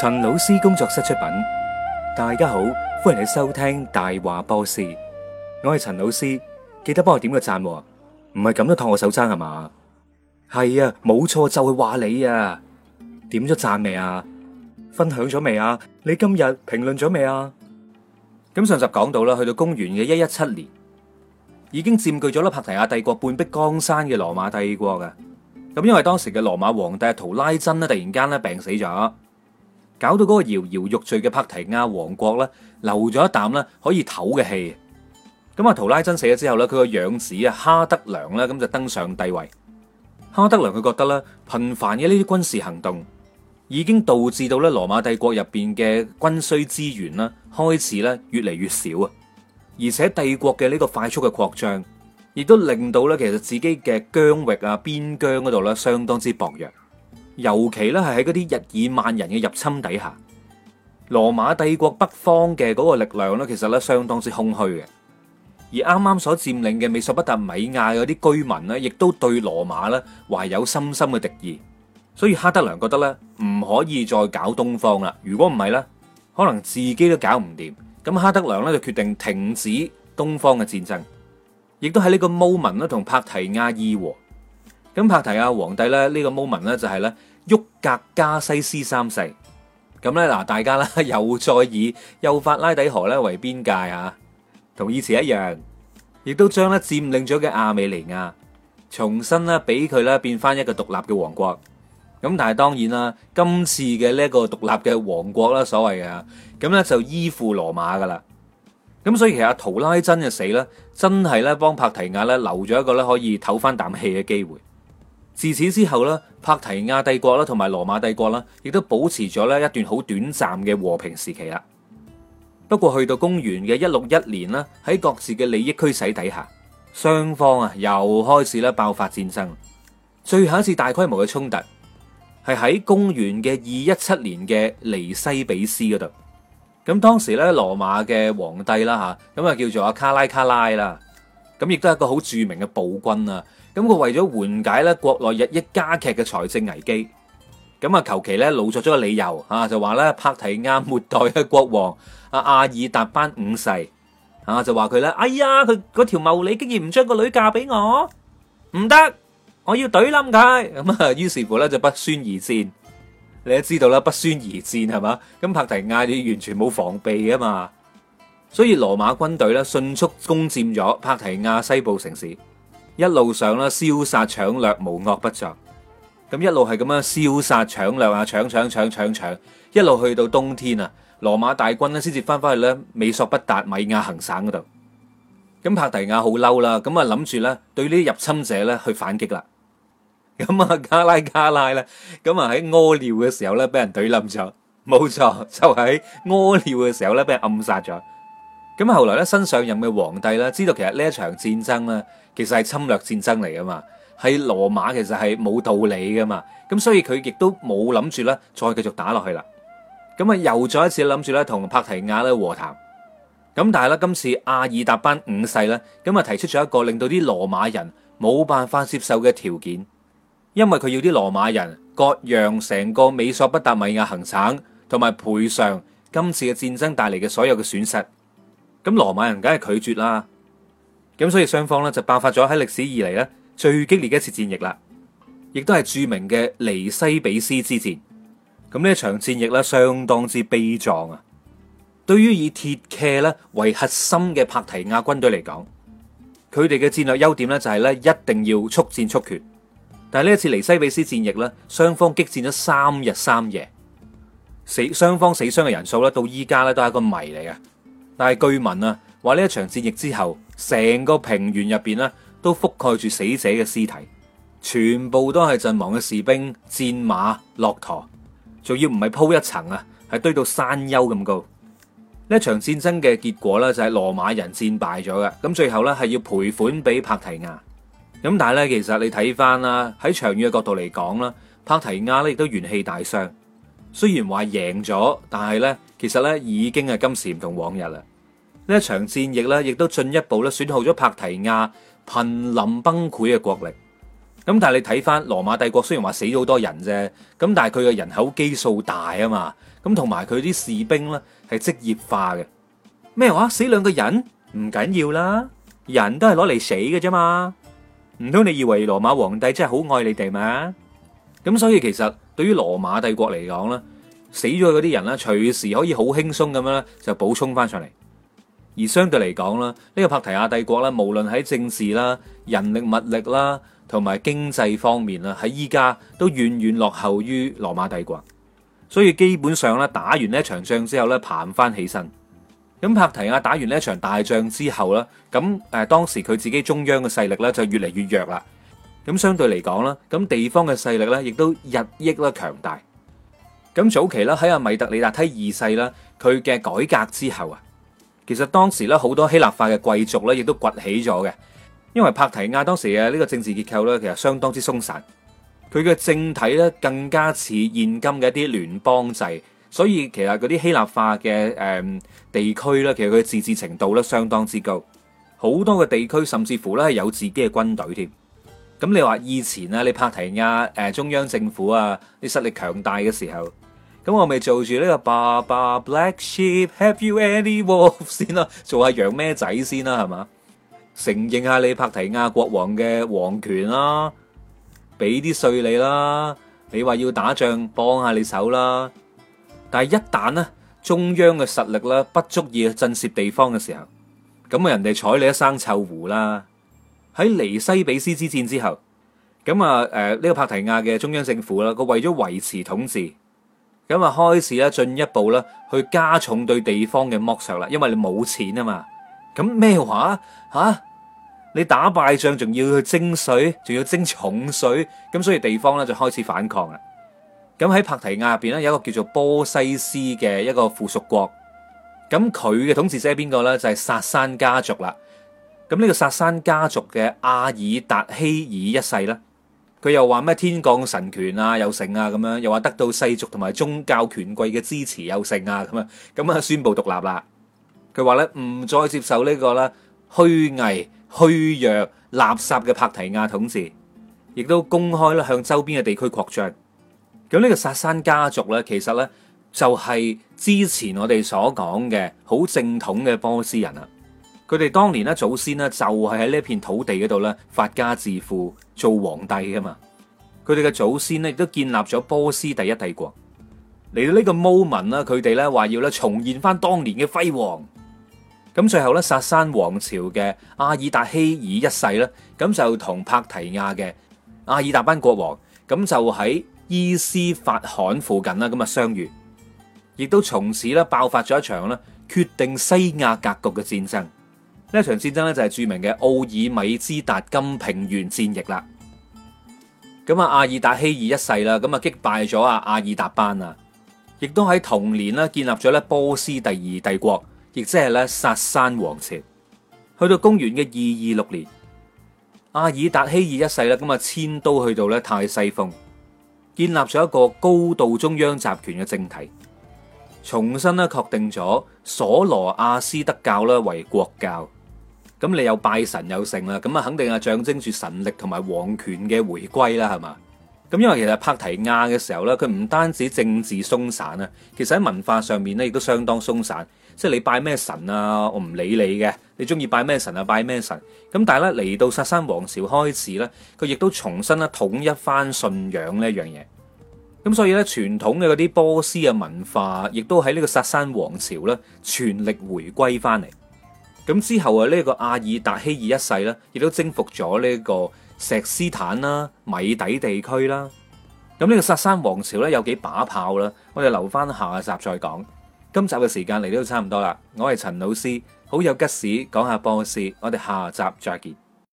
陳老師工作室出品，大家好，歡迎你收聽大話波斯。我係陳老師，記得幫我點個讚，啊，唔係咁都托我手踭係嘛？係啊，冇錯就係話你啊，點咗讚未啊？分享咗未啊？你今日評論咗未啊？咁上集講到啦，去到公元嘅一一七年，已經佔據咗粒帕提亞帝國半壁江山嘅羅馬帝國嘅咁，因為當時嘅羅馬皇帝圖拉真咧，突然間咧病死咗。搞到嗰個搖搖欲墜嘅帕提亞王國咧，留咗一啖咧可以唞嘅氣。咁阿圖拉真死咗之後咧，佢個養子啊哈德良咧咁就登上帝位。哈德良佢覺得咧，頻繁嘅呢啲軍事行動已經導致到咧羅馬帝國入邊嘅軍需資源啦，開始咧越嚟越少啊。而且帝國嘅呢個快速嘅擴張，亦都令到咧其實自己嘅疆域啊邊疆嗰度咧相當之薄弱。尤其咧係喺嗰啲日耳曼人嘅入侵底下，羅馬帝國北方嘅嗰個力量咧，其實咧相當之空虛嘅。而啱啱所佔領嘅美索不達米亞嗰啲居民咧，亦都對羅馬咧懷有深深嘅敵意。所以哈德良覺得咧，唔可以再搞東方啦。如果唔係咧，可能自己都搞唔掂。咁哈德良咧就決定停止東方嘅戰爭，亦都喺呢個 moment 同帕提亞議和。咁帕提亞皇帝咧呢個 moment 呢，就係咧沃格加西斯三世，咁咧嗱大家咧又再以幼發拉底河咧為邊界啊，同以前一樣，亦都將咧佔領咗嘅亞美尼亞重新咧俾佢咧變翻一個獨立嘅王國，咁但係當然啦，今次嘅呢個獨立嘅王國啦所謂啊，咁咧就依附羅馬噶啦，咁所以其實圖拉真嘅死咧，真係咧幫帕提亞咧留咗一個咧可以唞翻啖氣嘅機會。自此之後咧，帕提亞帝國啦，同埋羅馬帝國啦，亦都保持咗咧一段好短暫嘅和平時期啦。不過去到公元嘅一六一年啦，喺各自嘅利益驅使底下，雙方啊又開始咧爆發戰爭。最後一次大規模嘅衝突係喺公元嘅二一七年嘅尼西比斯嗰度。咁當時咧羅馬嘅皇帝啦吓，咁啊叫做卡拉卡拉啦。咁亦都係個好著名嘅暴君啊！咁佢為咗緩解咧國內日益加劇嘅財政危機，咁啊求其咧，老作咗個理由啊，就話咧帕提亞末代嘅國王阿阿爾達班五世啊，就話佢咧，哎呀，佢嗰條茂利，竟然唔將個女嫁俾我，唔得，我要懟冧佢！咁啊，於是乎咧就不宣而戰。你都知道啦，不宣而戰係嘛？咁帕提亞要完全冇防備啊嘛！所以羅馬軍隊咧迅速攻佔咗帕提亞西部城市，一路上咧燒殺搶掠，無惡不作。咁一路係咁樣燒殺搶掠啊，搶搶搶搶搶，搶，一路去到冬天啊。羅馬大軍咧先至翻返去咧美索不達米亞行省嗰度。咁帕提亞好嬲啦，咁啊諗住咧對呢啲入侵者咧去反擊啦。咁啊，卡拉卡拉咧，咁啊喺屙尿嘅時候咧，俾人懟冧咗。冇錯，就喺、是、屙尿嘅時候咧，俾人暗殺咗。咁後來咧，新上任嘅皇帝咧，知道其實呢一場戰爭咧，其實係侵略戰爭嚟噶嘛，係羅馬其實係冇道理噶嘛。咁所以佢亦都冇諗住咧，再繼續打落去啦。咁啊，又再一次諗住咧，同帕提亞咧和談。咁但係咧，今次阿爾達班五世咧，咁啊提出咗一個令到啲羅馬人冇辦法接受嘅條件，因為佢要啲羅馬人割讓成個美索不達米亞行省，同埋賠償今次嘅戰爭帶嚟嘅所有嘅損失。咁羅馬人梗係拒絕啦，咁所以雙方咧就爆發咗喺歷史以嚟咧最激烈嘅一次戰役啦，亦都係著名嘅尼西比斯之戰。咁呢一場戰役咧相當之悲壯啊！對於以鐵騎咧為核心嘅帕提亞軍隊嚟講，佢哋嘅戰略優點咧就係咧一定要速戰速決。但係呢一次尼西比斯戰役咧，雙方激戰咗三日三夜，死雙方死傷嘅人數咧到依家咧都係一個謎嚟嘅。但係據聞啊，話呢一場戰役之後，成個平原入邊呢都覆蓋住死者嘅屍體，全部都係陣亡嘅士兵、戰馬、駱駝，仲要唔係鋪一層啊，係堆到山丘咁高。呢一場戰爭嘅結果呢，就係羅馬人戰敗咗嘅，咁最後呢，係要賠款俾帕提亞。咁但係呢，其實你睇返啦，喺長遠嘅角度嚟講啦，帕提亞呢亦都元氣大傷。雖然話贏咗，但係咧，其實咧已經係今時唔同往日啦。呢一場戰役咧，亦都進一步咧損耗咗帕提亞瀕臨崩潰嘅國力。咁但係你睇翻羅馬帝國，雖然話死咗好多人啫，咁但係佢嘅人口基數大啊嘛，咁同埋佢啲士兵咧係職業化嘅。咩話死兩個人唔緊要啦，人都係攞嚟死嘅啫嘛。唔通你以為羅馬皇帝真係好愛你哋嘛？咁所以其實。對於羅馬帝國嚟講咧，死咗嗰啲人咧，隨時可以好輕鬆咁樣咧就補充翻上嚟。而相對嚟講咧，呢個帕提亞帝國咧，無論喺政治啦、人力物力啦，同埋經濟方面啊，喺依家，都遠遠落後於羅馬帝國。所以基本上咧，打完呢一場仗之後咧，爬唔翻起身。咁帕提亞打完呢一場大仗之後啦，咁誒，當時佢自己中央嘅勢力咧，就越嚟越弱啦。咁相對嚟講啦，咁地方嘅勢力咧，亦都日益咧強大。咁早期咧喺阿米特里達梯二世啦，佢嘅改革之後啊，其實當時咧好多希臘化嘅貴族咧，亦都崛起咗嘅。因為帕提亞當時嘅呢個政治結構咧，其實相當之鬆散，佢嘅政體咧更加似現今嘅一啲聯邦制，所以其實嗰啲希臘化嘅誒地區咧，其實佢嘅自治程度咧相當之高，好多嘅地區甚至乎咧有自己嘅軍隊添。咁你話以前啊，你帕提亞誒、呃、中央政府啊，你實力強大嘅時候，咁我咪做住呢個爸爸 Black Sheep Have You Any Wool 先啦、啊，做下養咩仔先啦、啊，係嘛？承認下你帕提亞國王嘅皇權啦、啊，俾啲稅你啦、啊，你話要打仗幫下你手啦、啊。但係一旦呢，中央嘅實力啦，不足以震懾地方嘅時候，咁啊人哋睬你一生臭狐啦、啊。喺尼西比斯之戰之後，咁啊，誒，呢個帕提亞嘅中央政府啦，佢為咗維持統治，咁啊開始咧進一步啦，去加重對地方嘅剝削啦，因為你冇錢啊嘛，咁咩話吓？你打敗仗仲要去徵稅，仲要徵重稅，咁所以地方咧就開始反抗啦。咁喺帕提亞入邊咧，有一個叫做波西斯嘅一個附屬國，咁佢嘅統治者係邊個咧？就係、是、薩珊家族啦。咁呢個薩山家族嘅阿爾達希爾一世咧，佢又話咩天降神權啊，有成啊咁樣，又話得到世俗同埋宗教權貴嘅支持有成啊咁啊，咁啊宣布獨立啦。佢話咧唔再接受呢個啦虛偽、虛弱、垃圾嘅帕提亞統治，亦都公開啦向周邊嘅地區擴張。咁、這、呢個薩山家族咧，其實咧就係之前我哋所講嘅好正統嘅波斯人啊。佢哋當年咧祖先咧就係喺呢一片土地嗰度咧發家致富，做皇帝噶嘛，佢哋嘅祖先咧亦都建立咗波斯第一帝國。嚟到呢個 moment 啦，佢哋咧話要咧重現翻當年嘅輝煌。咁最後咧薩珊王朝嘅阿爾達希爾一世咧，咁就同帕提亞嘅阿爾達班國王，咁就喺伊斯法罕附近啦咁啊相遇，亦都從此咧爆發咗一場咧決定西亞格局嘅戰爭。呢一場戰爭咧就係著名嘅奧爾米茲達金平原戰役啦。咁啊，阿爾達希爾一世啦，咁啊擊敗咗啊阿爾達班啊，亦都喺同年呢，建立咗咧波斯第二帝國，亦即係咧薩珊王朝。去到公元嘅二二六年，阿爾達希爾一世咧咁啊遷都去到咧泰西封，建立咗一個高度中央集權嘅政體，重新咧確定咗瑣羅亞斯德教咧為國教。咁你又拜神又成啦，咁啊肯定係象徵住神力同埋皇權嘅回歸啦，係嘛？咁因為其實帕提亞嘅時候呢，佢唔單止政治鬆散啊，其實喺文化上面呢亦都相當鬆散，即係你拜咩神啊，我唔理你嘅，你中意拜咩神就、啊、拜咩神。咁但係呢，嚟到薩珊王朝開始呢，佢亦都重新咧統一翻信仰呢樣嘢。咁所以呢，傳統嘅嗰啲波斯嘅文化，亦都喺呢個薩珊王朝呢，全力回歸翻嚟。咁之後啊，呢、這個阿爾達希爾一世呢，亦都征服咗呢個石斯坦啦、米底地區啦。咁、這、呢個薩珊王朝呢，有幾把炮啦，我哋留翻下一集再講。今集嘅時間嚟到差唔多啦，我係陳老師，好有吉事講下波斯，我哋下集再見。